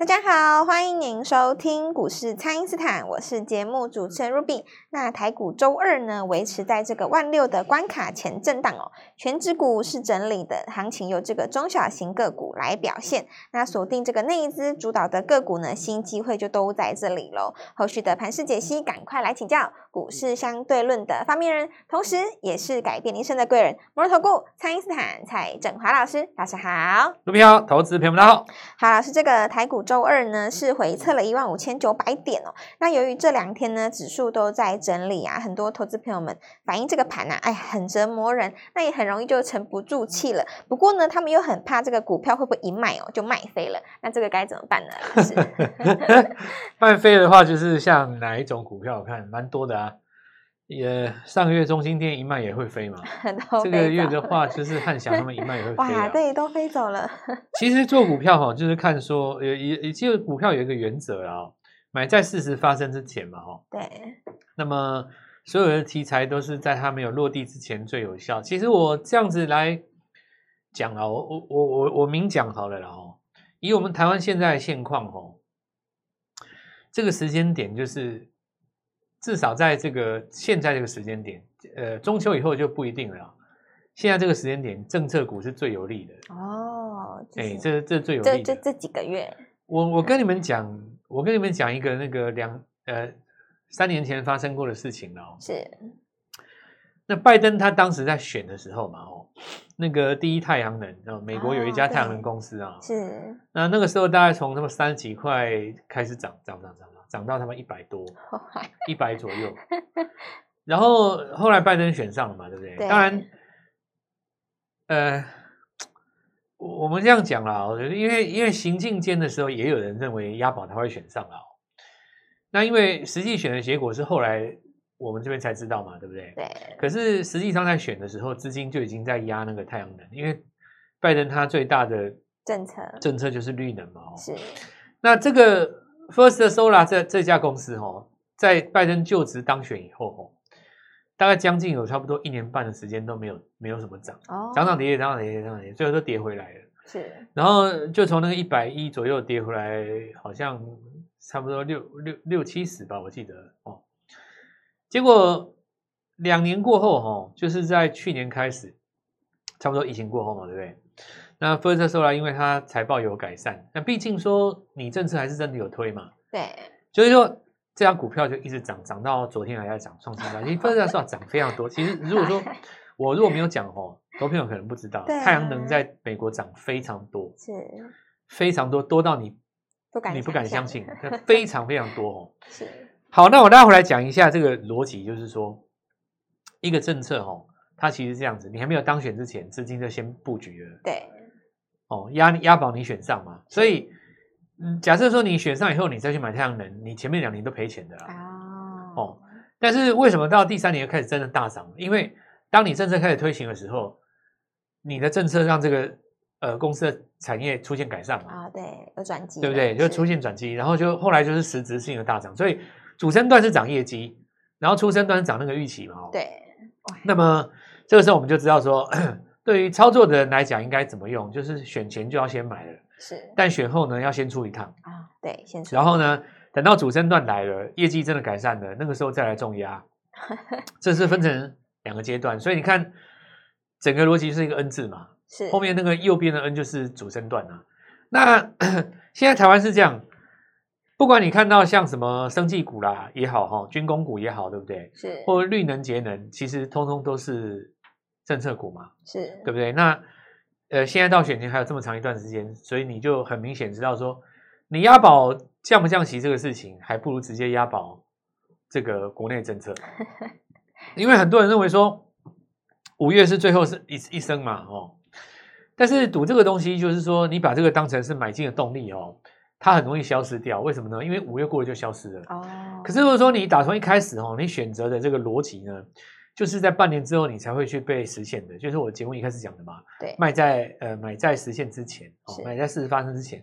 大家好，歡迎您收聽股市《蔡因斯坦》，我是節目主持人 Ruby。那台股周二呢，維持在這個萬六的關卡前震盪哦。權值股，是整理的行情，由這個中小型個股來表現。那鎖定這個內資主導的個股呢，新機會就都在這裡嘍。後續的盤勢解析，趕快來請教股市相對論的發明人，同時也是改變一生的貴人——摩爾投顧蔡因斯坦蔡正華老師。老師好，Ruby 好，投資朋友們好。好，老師這個台股。週二呢，是回測了一萬五千九百點哦。那由於這兩天呢，指數都在整理啊，很多投資朋友們反映這個盤啊，哎，很折磨人，那也很容易就沉不住氣了。不過呢，他們又很怕這個股票會不會一賣哦，就賣飛了。那這個該怎麼辦呢？賣 飛的話就是像哪一種股票？我看蠻多的啊。也、yeah, 上個月中興電一賣也會飛嘛飛，這個月的話就是漢翔他們一賣也會飛、啊。哇，對，都飛走了。其實做股票吼，就是看說也也其實股票有一個原則哦，買在事實發生之前嘛，哦。對。那麼所有的題材都是在它沒有落地之前最有效。其實我這樣子來講哦，我我我我我明講好了啦哦，以我們台灣現在的現況哦，這個時間點就是。至少在這個現在這個時間點，呃，中秋以後就不一定了、哦。現在這個時間點，政策股是最有利的哦。哎，這這最有利的，這這，這幾個月。我我跟你們講，我跟你們講一個那個兩呃三年前發生過的事情了、哦。是。那拜登他當時在選的時候嘛，哦，那個第一太陽能，美國有一家太陽能公司啊、哦哦，是。那那個時候大概從那麼三十幾塊開始漲，漲漲漲。漲漲漲到他們一百多，一百左右， 然後後來拜登選上了嘛，對不對？對。當然，呃，我們這樣講啦，因為因為行進間的時候，也有人認為押寶他會選上了。那因為實際選的結果是後來我們這邊才知道嘛，對不對？對。可是實際上在選的時候，資金就已經在壓那個太陽能，因為拜登他最大的政策政策就是綠能嘛。是。那這個。First Solar 這這家公司哦，在拜登就職當選以後哦，大概將近有差不多一年半的時間都沒有沒有什麼漲，哦、漲漲跌跌漲漲跌跌漲漲跌，最後都跌回來了。是，然後就從那個一百一左右跌回來，好像差不多六六六七十吧，我記得哦。結果兩年過後哈、哦，就是在去年開始，差不多疫情過後嘛，對不對？那 First Solar 因為它財報有改善，那畢竟說你政策還是真的有推嘛？對。就是說這家股票就一直漲，漲到昨天還在漲，創新高。First Solar、啊、漲非常多。其實如果說我如果沒有講哦，投票可能不知道，太陽能在美國漲非常多，是，非常多多到你不敢你不敢相信，相信非常非常多哦。是。好，那我待會來講一下這個邏輯，就是說一個政策哦，它其實是這樣子，你還沒有當選之前，資金就先布局了。對。哦，押押寶你選上嘛，所以，嗯，假設說你選上以後，你再去買太陽能，你前面兩年都賠錢的啦哦。哦，但是為什麼到第三年開始真的大漲？因為當你政策開始推行的時候，你的政策讓這個呃公司的產業出現改善嘛啊，對，有轉機，對不對？就出現轉機，然後就後來就是實質性的大漲。所以主升段是漲業績，然後初升段漲那個預期嘛。對，那麼這個時候我們就知道說。對於操作的人來講，應該怎麼用？就是選前就要先買了，是。但選後呢，要先出一趟啊，對，先出。然後呢，等到主升段來了，業績真的改善了，那個時候再來重壓 這是分成兩個階段。所以你看，整個邏輯是一個 N 字嘛，是。後面那個右邊的 N 就是主升段啊。那 現在台灣是這樣，不管你看到像什麼生技股啦也好哈、哦，軍工股也好，對不對？是。或者綠能節能，其實通通都是。政策股嘛，是對不對？那呃，現在到選前還有這麼長一段時間，所以你就很明顯知道說，你押寶降不降息這個事情，還不如直接押寶這個國內政策，因為很多人認為說五月是最後是一一升嘛，哦。但是賭這個東西，就是說你把這個當成是買進的動力哦，它很容易消失掉。為什麼呢？因為五月過了就消失了哦。可是如果說你打從一開始哦，你選擇的這個邏輯呢？就是在半年之後你才會去被實現的，就是我節目一開始講的嘛，對，賣在呃買在實現之前，哦，買在事實發生之前，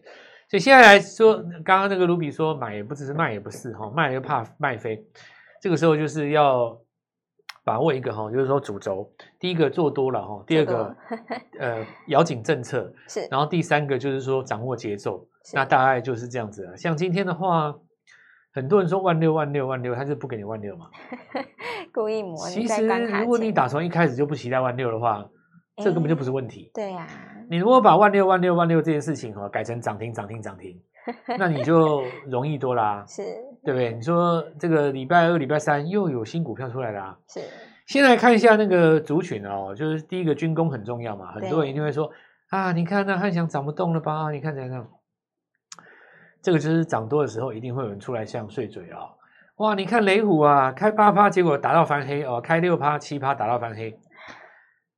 所以現在來說，剛剛那個盧比說買也不只是賣也不是哈，賣又怕賣飛，這個時候就是要把握一個哈，就是說主軸，第一個做多了哈，第二個、這個、呃咬緊政策，是，然後第三個就是說掌握節奏，那大概就是這樣子了，像今天的話。很多人說萬六萬六萬六，他就不給你萬六嘛？ 故意磨。其實，如果你打從一開始就不期待萬六的話，欸、這個、根本就不是問題。對呀、啊。你如果把萬六萬六萬六這件事情哦，改成漲停漲停漲停， 那你就容易多啦、啊。是。對不對？你說這個禮拜二、禮拜三又有新股票出來啦、啊。是。先來看一下那個族群哦，就是第一個軍工很重要嘛，很多人一定會說啊，你看那、啊、漢翔漲不動了吧？啊、你看怎樣？這個就是漲多的時候，一定會有人出來像碎嘴啊、哦！哇，你看雷虎啊，開八趴，結果打到翻黑哦；開六趴、七趴，打到翻黑，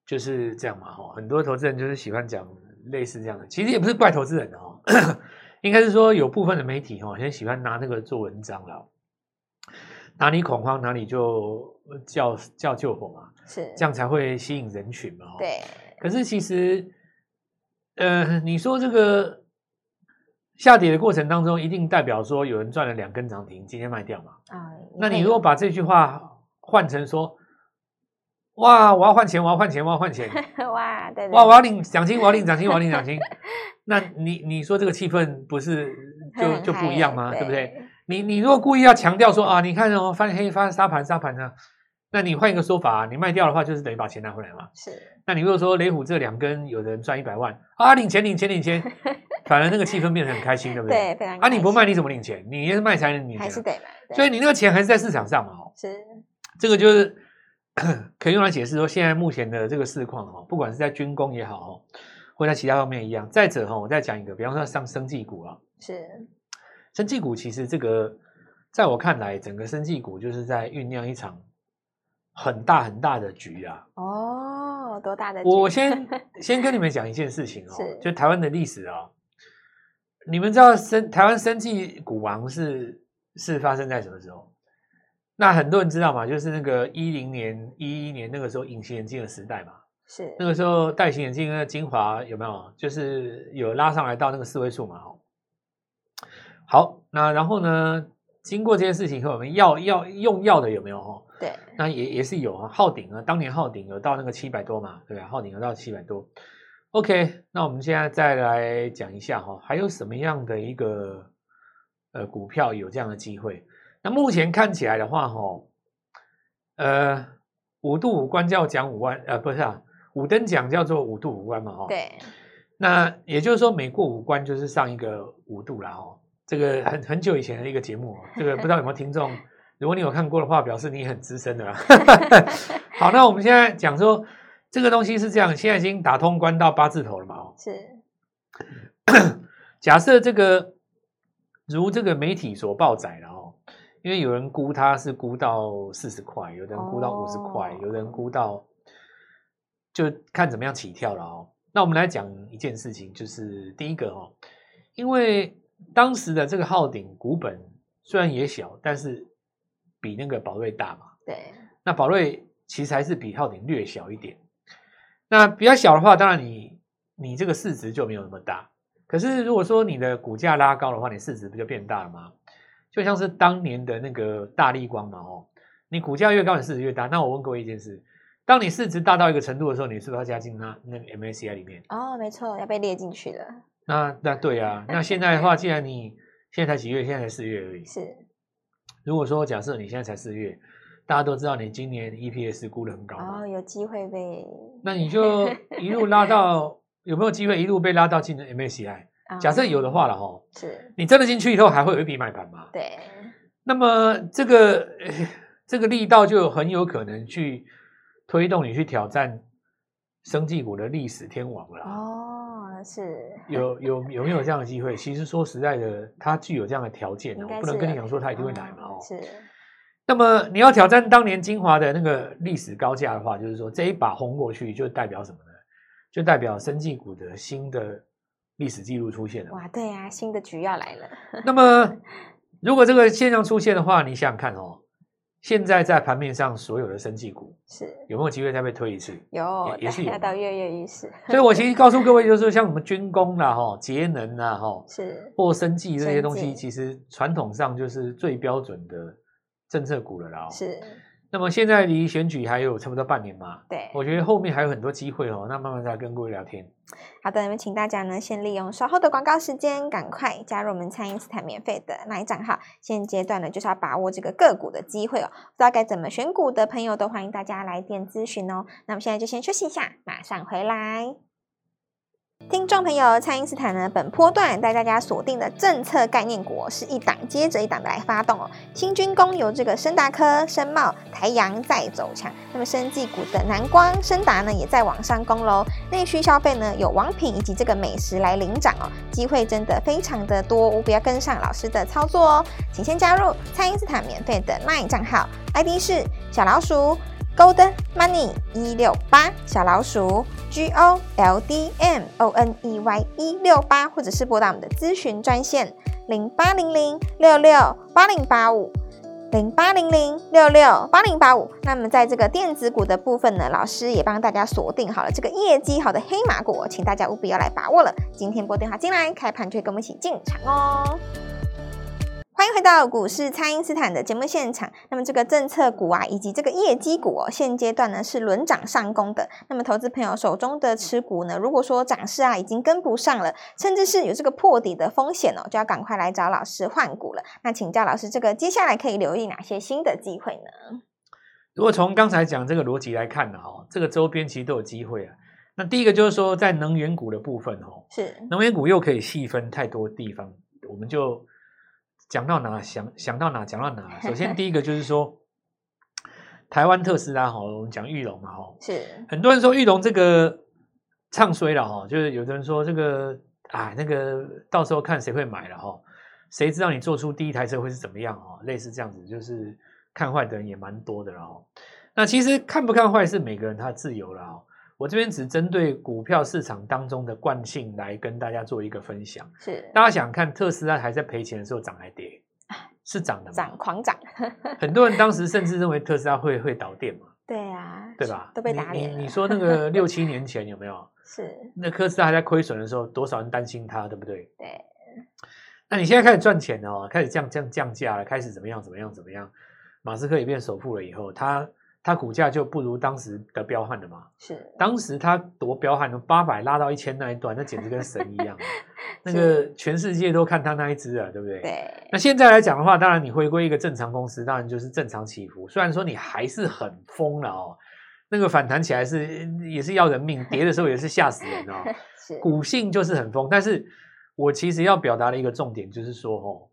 就是這樣嘛、哦！哈，很多投資人就是喜歡講類似這樣的，其實也不是怪投資人的哦， 應該是說有部分的媒體哦，現在喜歡拿那個做文章了，哪裡恐慌哪裡就叫叫救火嘛，是這樣才會吸引人群嘛、哦！對。可是其實，呃，你說這個。下跌的過程當中，一定代表說有人賺了兩根漲停，今天賣掉嘛、嗯？那你如果把這句話換成說，哇，我要換錢，我要換錢，我要換錢， 哇，對，對哇，我要領獎金，我要領獎金， 我要領獎金，那你你說這個氣氛不是就就不一樣嗎？對，對不對？你你如果故意要強調說啊，你看什、哦、麼翻黑翻沙盤沙盤啊。那你換一個說法啊，你賣掉的話，就是等於把錢拿回來嘛。是。那你如果說雷虎這兩根，有人賺一百萬啊，領錢領錢領錢，領錢 反而那個氣氛變得很開心，對不對？對，非常開心。啊，你不賣你怎麼領錢？你要是賣才能領錢，啊，你還是得。所以你那個錢還是在市場上嘛。是。這個就是可以用來解釋說，現在目前的這個市況的不管是在軍工也好，或者在其他方面一樣。再者哈，我再講一個，比方說上生技股啊。是。生技股其實這個，在我看來，整個生技股就是在醞釀一場，很大很大的局啊！哦，多大的局。我先先跟你們講一件事情哦， 是就台灣的歷史啊、哦。你們知道生台灣生技股王是是發生在什麼時候？那很多人知道嘛？就是那個一零年、一一年那個時候，隱形眼鏡的時代嘛。是那個時候，戴型眼鏡的精華有沒有？就是有拉上來到那個四位數嘛？哦，好，那然後呢？經過這件事情，和我們要要用藥的有沒有哈、哦？對，那也也是有啊。浩鼎啊，當年浩鼎有到那個七百多嘛，對吧、啊？對？浩鼎有到七百多。OK，那我們現在再來講一下哈、哦，還有什麼樣的一個呃股票有這樣的機會？那目前看起來的話哈、哦，呃，五度五關叫要講五萬，呃，不是啊，五燈獎叫做五度五關嘛、哦，哈。對。那也就是說，每過五關就是上一個五度了哈、哦。這個很很久以前的一個節目、哦，這個不知道有沒有聽眾？ 如果你有看過的話，表示你很資深的啦、啊。 好，那我們現在講說，這個東西是這樣，現在已經打通關到八字頭了嘛？哦，是。 假設這個，如這個媒體所報載了哦，因為有人估它是估到四十塊，有的人估到五十塊，哦，有的人估到，就看怎麼樣起跳了哦。那我們來講一件事情，就是第一個哦，因為。當時的這個浩鼎股本雖然也小，但是比那個保瑞大嘛。對，那保瑞其實還是比浩鼎略小一點。那比較小的話，當然你你這個市值就沒有那麼大。可是如果說你的股價拉高的話，你市值不就變大了嗎？就像是當年的那個大立光嘛，哦，你股價越高，你市值越大。那我問各位一件事：當你市值大到一個程度的時候，你是不是要加進那那個、MSCI 裡面？哦，沒錯，要被列進去的。那那對啊，那現在的話，既然你現在才幾月？現在才四月而已。是，如果說假設你現在才四月，大家都知道你今年 EPS 估得很高哦、oh, 有機會唄。那你就一路拉到 有沒有機會一路被拉到進入 MSCI、oh, 假設有的話了哈，是你真的進去以後還會有一筆買盤嗎？對。那麼這個這個力道就很有可能去推動你去挑戰生技股的歷史天王了哦。Oh. 是，有有有沒有這樣的機會？其實說實在的，它具有這樣的條件、喔、我不能跟你講說它一定會來嘛、喔嗯。是。那麼你要挑戰當年精華的那個歷史高價的話，就是說這一把轟過去，就代表什麼呢？就代表生技股的新的歷史記錄出現了。哇，對啊，新的局要來了。 那麼如果這個現象出現的話，你想想看哦、喔。現在在盤面上所有的生技股是有沒有機會再被推一次？有，也許要到躍躍欲試。所以我其實告訴各位，就是說像我們軍工啦、齁節能啦、齁是或生技這些東西，其實傳統上就是最標準的政策股了啦。是。那麼現在離選舉還有差不多半年嘛。對，我覺得後面還有很多機會哦。那慢慢再跟各位聊天。好的，那麼請大家呢，先利用稍後的廣告時間，趕快加入我們蔡因斯坦免費的 LINE@ 帳號。現階段呢，就是要把握這個個股的機會哦。不知道該怎麼選股的朋友，都歡迎大家來電諮詢哦。那我現在就先休息一下，馬上回來。聽眾朋友，蔡因斯坦呢，本波段帶大家鎖定的政策概念股是一檔接着一檔的來發動哦。新軍工由這個昇達科、昇貿、台揚在走強，那麼生技股的南光、生達呢，也在往上攻嘍。內需消費呢有王品以及這個美食來領漲哦，機會真的非常的多，務必要跟上老師的操作哦，請先加入蔡因斯坦免費的 LINE 賬號，ID 是小老鼠。Golden Money 一六八小老鼠 G O L D M O N E Y 一六八，或者是撥打我們的諮詢專線零八零零六六八零八五零八零零六六八零八五。那麼在這個電子股的部分呢，老師也幫大家鎖定好了這個業績好的黑馬股，請大家務必要來把握了。今天撥電話進來，開盤就會跟我們一起進場哦。歡迎回到股市，蔡因斯坦的節目現場。那麼，這個政策股啊，以及這個業績股哦，現階段呢是輪漲上攻的。那麼，投資朋友手中的持股呢，如果說漲勢啊已經跟不上了，甚至是有這個破底的風險哦，就要趕快來找老師換股了。那請教老師，這個接下來可以留意哪些新的機會呢？如果從剛才講這個邏輯來看哦，這個周邊其實都有機會啊。那第一個就是說，在能源股的部分哦，是能源股又可以細分太多地方，我們就。講到哪想，想到哪講到哪。首先第一個就是說， 台灣特斯拉哈，我們講裕隆嘛哈，是很多人說裕隆這個唱衰了哈，就是有的人說這個啊、哎、那個到時候看誰會買了哈，誰知道你做出第一台車會是怎麼樣啊？類似這樣子，就是看壞的人也蠻多的了哦。那其實看不看壞是每個人他自由了哦。我這邊只針對股票市場當中的慣性來跟大家做一個分享。是，大家想看特斯拉還在賠錢的時候漲還跌？是漲的嗎？漲，狂漲。很多人當時甚至認為特斯拉會會倒店嘛？對啊，對吧？都被打臉。你說那個六七年前有沒有？是。那特斯拉還在虧損的時候，多少人擔心它，對不對？對。那你現在開始賺錢了，開始降降降價了，開始怎麼樣怎麼樣怎麼樣？馬斯克也變首富了以後，他。它股價就不如當時的彪悍了嘛？是，當時它多彪悍的，八百拉到一千那一段，那簡直跟神一樣， 那個全世界都看它那一隻啊，對不對？對。那現在來講的話，當然你回歸一個正常公司，當然就是正常起伏。雖然說你還是很瘋了哦，那個反彈起來是也是要人命，跌的時候也是嚇死人哦。 是。股性就是很瘋，但是我其實要表達的一個重點就是說哦。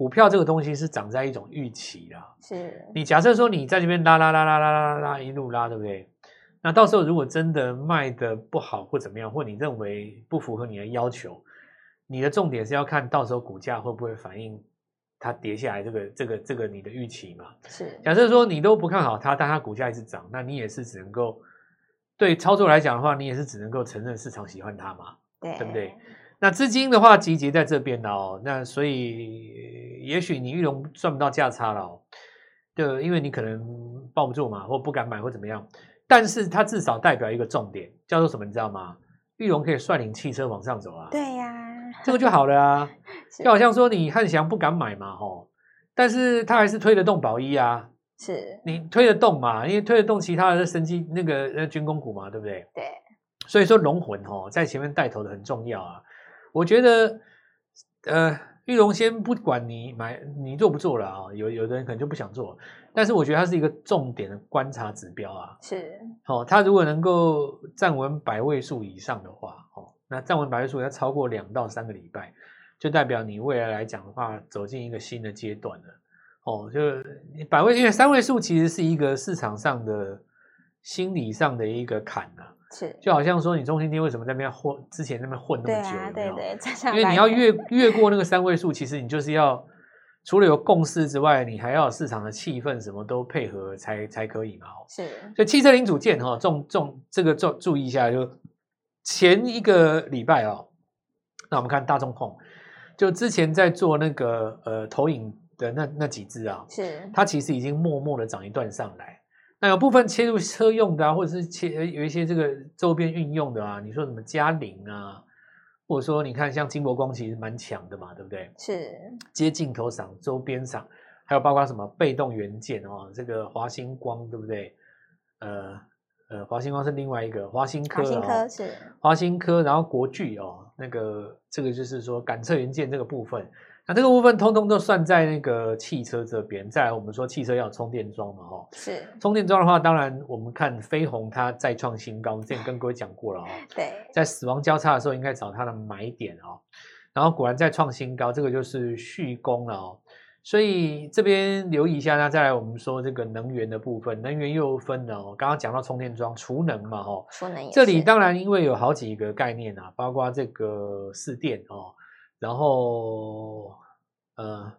股票這個東西是漲，在一種預期啦，是你假設說，你在這邊拉拉拉拉拉拉拉拉一路拉，對不對？那到時候如果真的賣得不好或怎麼樣，或你認為不符合你的要求，你的重點是要看到時候股價會不會反映它跌下來這個這個這個你的預期嘛？是，假設說你都不看好它，但它股價一直漲，那你也是只能夠對，操作來講的話，你也是只能夠承認市場喜歡它嘛？對，對不對？那資金的話集結在這邊哦，那所以也許你裕隆賺不到價差了、哦，對，因為你可能抱不住嘛，或不敢買或怎麼樣。但是它至少代表一個重點，叫做什麼？你知道嗎？裕隆可以率領汽車往上走啊。對呀、啊，這個就好了啊， 就好像說你漢翔不敢買嘛、哦，吼，但是他還是推得動寶一啊。是，你推得動嘛？因為推得動其他的升機那個呃軍工股嘛，對不對？對。所以說龍魂吼、哦、在前面帶頭的很重要啊。我覺得，呃，玉龍先不管你買你做不做了啊，有有的人可能就不想做，但是我覺得它是一個重點的觀察指標啊。是，哦，它如果能夠站穩百位數以上的話，哦，那站穩百位數要超過兩到三個禮拜，就代表你未來來講的話，走進一個新的階段了。哦，就百位因為三位數其實是一個市場上的。心理上的一個坎啊，是就好像說，你中興電為什麼在那邊混？之前在那邊混那麼久，啊，對對，因為你要越越過那個三位數， 其實你就是要除了有共識之外，你還要有市場的氣氛什麼都配合才才可以嘛。是，所以汽車零組件哈，啊，重重這個注注意一下，就前一個禮拜哦，啊，那我們看大眾控，就之前在做那個呃投影的那那幾隻啊，是它其實已經默默的漲一段上來。那有部分切入車用的啊，或者是切有一些這個周邊運用的啊，你說什麼佳凌啊，或者說你看像金博光其實蠻強的嘛，對不對？是，接鏡頭廠、周邊廠，還有包括什麼被動元件哦，這個華星光對不對？呃呃，華星光是另外一個華星科啊、哦，華星，星科，然後國巨哦，那個這個就是說感測元件這個部分。那、啊、這個部分通通都算在那個汽車這邊。再來，我們說汽車要有充電樁嘛。哈，是充電樁的話，當然我們看飛宏它再創新高，之前跟各位講過了啊、哦，對，在死亡交叉的時候應該找它的買點哦。然後果然再創新高，這個就是續攻了哦。所以這邊留意一下。那再來，我們說這個能源的部分，能源又分了哦。剛剛講到充電樁、儲能嘛、哦，哈，儲能。這裡當然因為有好幾個概念啊，包括這個市電哦。然後，呃，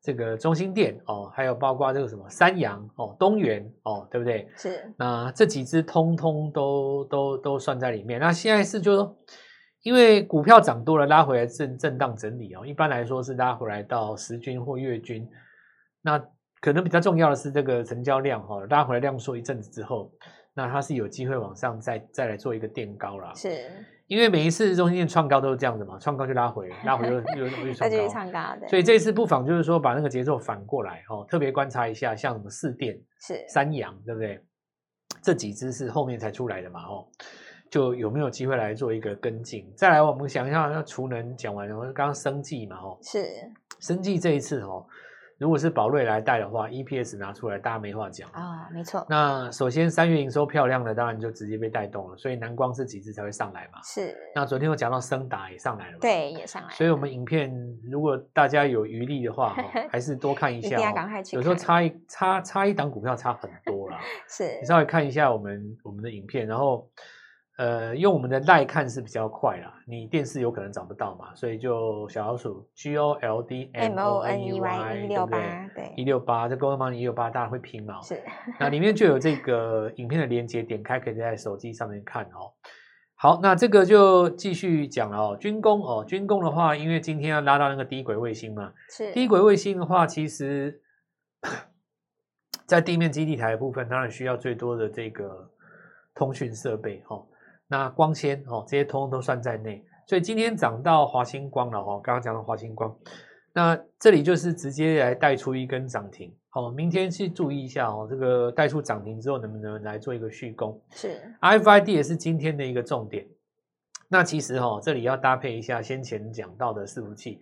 這個中興電哦，還有包括這個什麼三洋哦、東元哦，對不對？是。那、呃、這幾隻通通都都都算在裡面。那現在是，就是說，因為股票漲多了，拉回來震震盪整理哦。一般來說是拉回來到十均或月均。那可能比較重要的是這個成交量哈、哦，拉回來量縮一陣子之後，那它是有機會往上再再來做一個墊高啦。是。因為每一次中間創高都是這樣的嘛，創高就拉回，拉回又又又創高， 高，所以這一次不妨就是說把那個節奏反過來哦，特別觀察一下，像什麼四電是三陽對不對？這幾隻是後面才出來的嘛哦，就有沒有機會來做一個跟進？再來我們想一下，那儲能講完了，剛剛生技嘛哦，是生技這一次哦。如果是保瑞來帶的話，EPS 拿出來，大家沒話講啊，哦，沒錯。那首先三月營收漂亮的，當然就直接被帶動了，所以南光這幾隻才會上來嘛。是。那昨天我講到昇達也上來了嘛，對，也上來了。所以我們影片，如果大家有餘力的話，還是多看一下， 一定要趕快去。有時候差一差差一檔股票差很多啦。 是。你稍微看一下我們我們的影片，然後。呃，用我們的 LINE 看是比較快啦。你電視有可能找不到嘛，所以就小老鼠 G O L D M O N E Y 一六八對一六八，這 Gold money 一六八，168, money, 168, 大家會拼嗎？是。那裡面就有這個影片的連接， 點開可以在手機上面看哦。好，那這個就繼續講了哦。軍工哦，軍工的話，因為今天要拉到那個低軌衛星嘛，是。低軌衛星的話，其實在地面基地台的部分，當然需要最多的這個通訊設備哈。哦那光纖哦，這些通通都算在內，所以今天漲到華星光了哦。剛剛講到華星光，那這裡就是直接來帶出一根漲停。好、哦，明天去注意一下哦，這個帶出漲停之後能不能來做一個續攻。是，RFID 也是今天的一個重點。那其實哦，這裡要搭配一下先前講到的伺服器。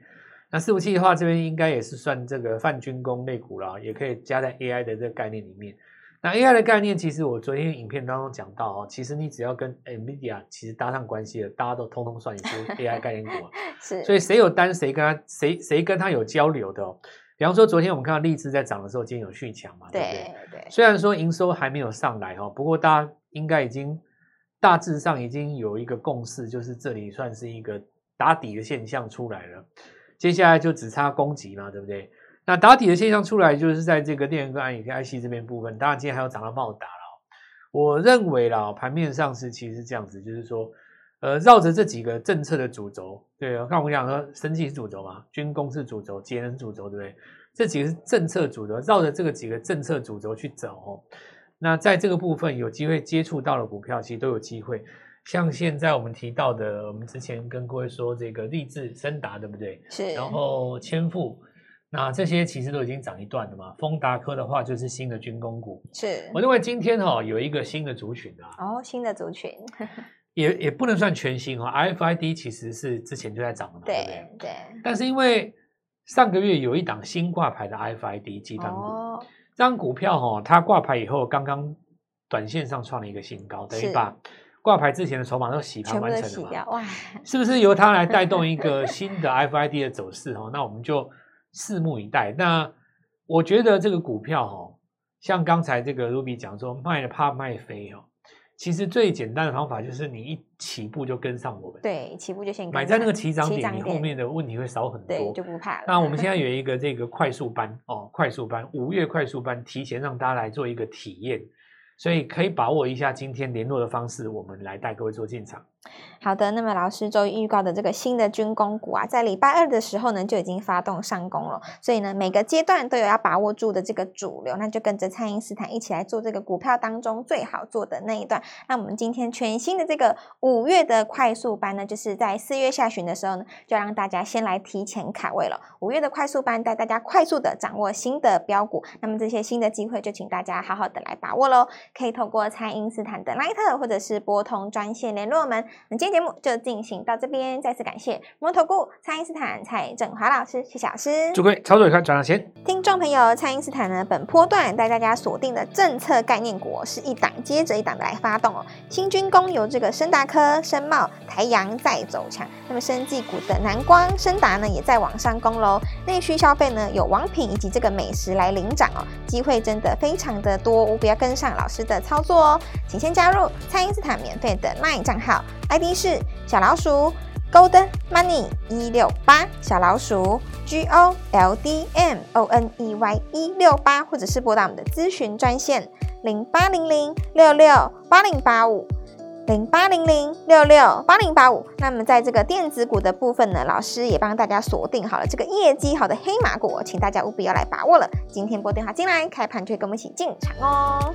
那伺服器的話，這邊應該也是算這個泛軍工類股了，也可以加在 A I 的這個概念裡面。那 AI 的概念，其實我昨天影片當中講到哦，其實你只要跟 NVIDIA 其實搭上關係了，大家都通通算你是 AI 概念股。 是，所以誰有單，誰跟他，誰誰跟他有交流的哦。比方說昨天我們看到力智在漲的時候，今天有續強嘛，對不對？對對。雖然說營收還沒有上來哈、哦，不過大家應該已經大致上已經有一個共識，就是這裡算是一個打底的現象出來了，接下來就只差攻擊嘛，對不對？那打底的現象出來，就是在這個電源供應跟 IC 這邊部分，當然今天還有漲到冒打了。我認為啦，盤面上是其實這樣子，就是說，呃，繞着這幾個政策的主軸，對，剛剛我們講說，生技是主軸嘛，軍工是主軸，節能主軸，對不對？這幾個是政策主軸，繞着這個幾個政策主軸去走。那在這個部分有機會接觸到了股票，其實都有機會。像現在我們提到的，我們之前跟各位說這個勵志、昇達，對不對？是。然後千富。那、啊、這些其實都已經漲一段了嘛。豐達科的話就是新的軍工股，是我認為今天哈、哦、有一個新的族群啊。哦，新的族群 也也不能算全新哦。F I D 其實是之前就在漲了，對不對？對。但是因為上個月有一檔新掛牌的 F I D 集團股，哦、這檔股票哈、哦，它掛牌以後剛剛短線上創了一個新高，等於把掛牌之前的籌碼都洗盤完成了嘛洗？哇！是不是由它來帶動一個新的 F I D 的走勢？哦， 那我們就。拭目以待。那我覺得這個股票哦，像剛才這個 Ruby 講說賣了怕賣飛哦。其實最簡單的方法就是你一起步就跟上我們。對，起步就先跟上，買在那個起漲點、點，你後面的問題會少很多，對，就不怕了。那我們現在有一個這個快速班 哦，快速班五月快速班，提前讓大家來做一個體驗，所以可以把握一下今天聯絡的方式，我們來帶各位做進場。好的，那麼老師周一預告的這個新的軍工股啊，在禮拜二的時候呢就已經發動上攻了，所以呢每個階段都有要把握住的這個主流，那就跟着蔡因斯坦一起來做這個股票當中最好做的那一段。那我們今天全新的這個五月的快速班呢，就是在四月下旬的時候呢，就讓大家先來提前卡位了。五月的快速班帶大家快速的掌握新的標股，那麼這些新的機會就請大家好好的來把握嘍。可以透過蔡因斯坦的 LINE 或者是撥通專線聯絡我們。那今天節目就進行到這邊，再次感謝摩爾投顧蔡因斯坦蔡正華老師，謝謝老師。祝各位操作愉快，轉場前。聽眾朋友，蔡因斯坦呢，本波段帶大家鎖定的政策概念股是一檔接着一檔的來發動哦。新軍工由這個昇達科、昇貿、台陽在走強，那麼生技股的南光、生達呢也在往上攻嘍。內需消費呢有王品以及這個美食來領漲哦，機會真的非常的多，務必要跟上老師的操作哦，請先加入蔡因斯坦免費的 LINE 帳號，ID 是小老鼠 Gold Money 一六八，小老鼠 G O L D M O N E Y 一六八，168, 或者是撥打我們的諮詢專線零八零零六六八零八五零八零零六六八零八五。那麼在這個電子股的部分呢，老師也幫大家鎖定好了這個業績好的黑馬股，請大家務必要來把握了。今天撥電話進來，開盤就可以跟我們一起進場哦。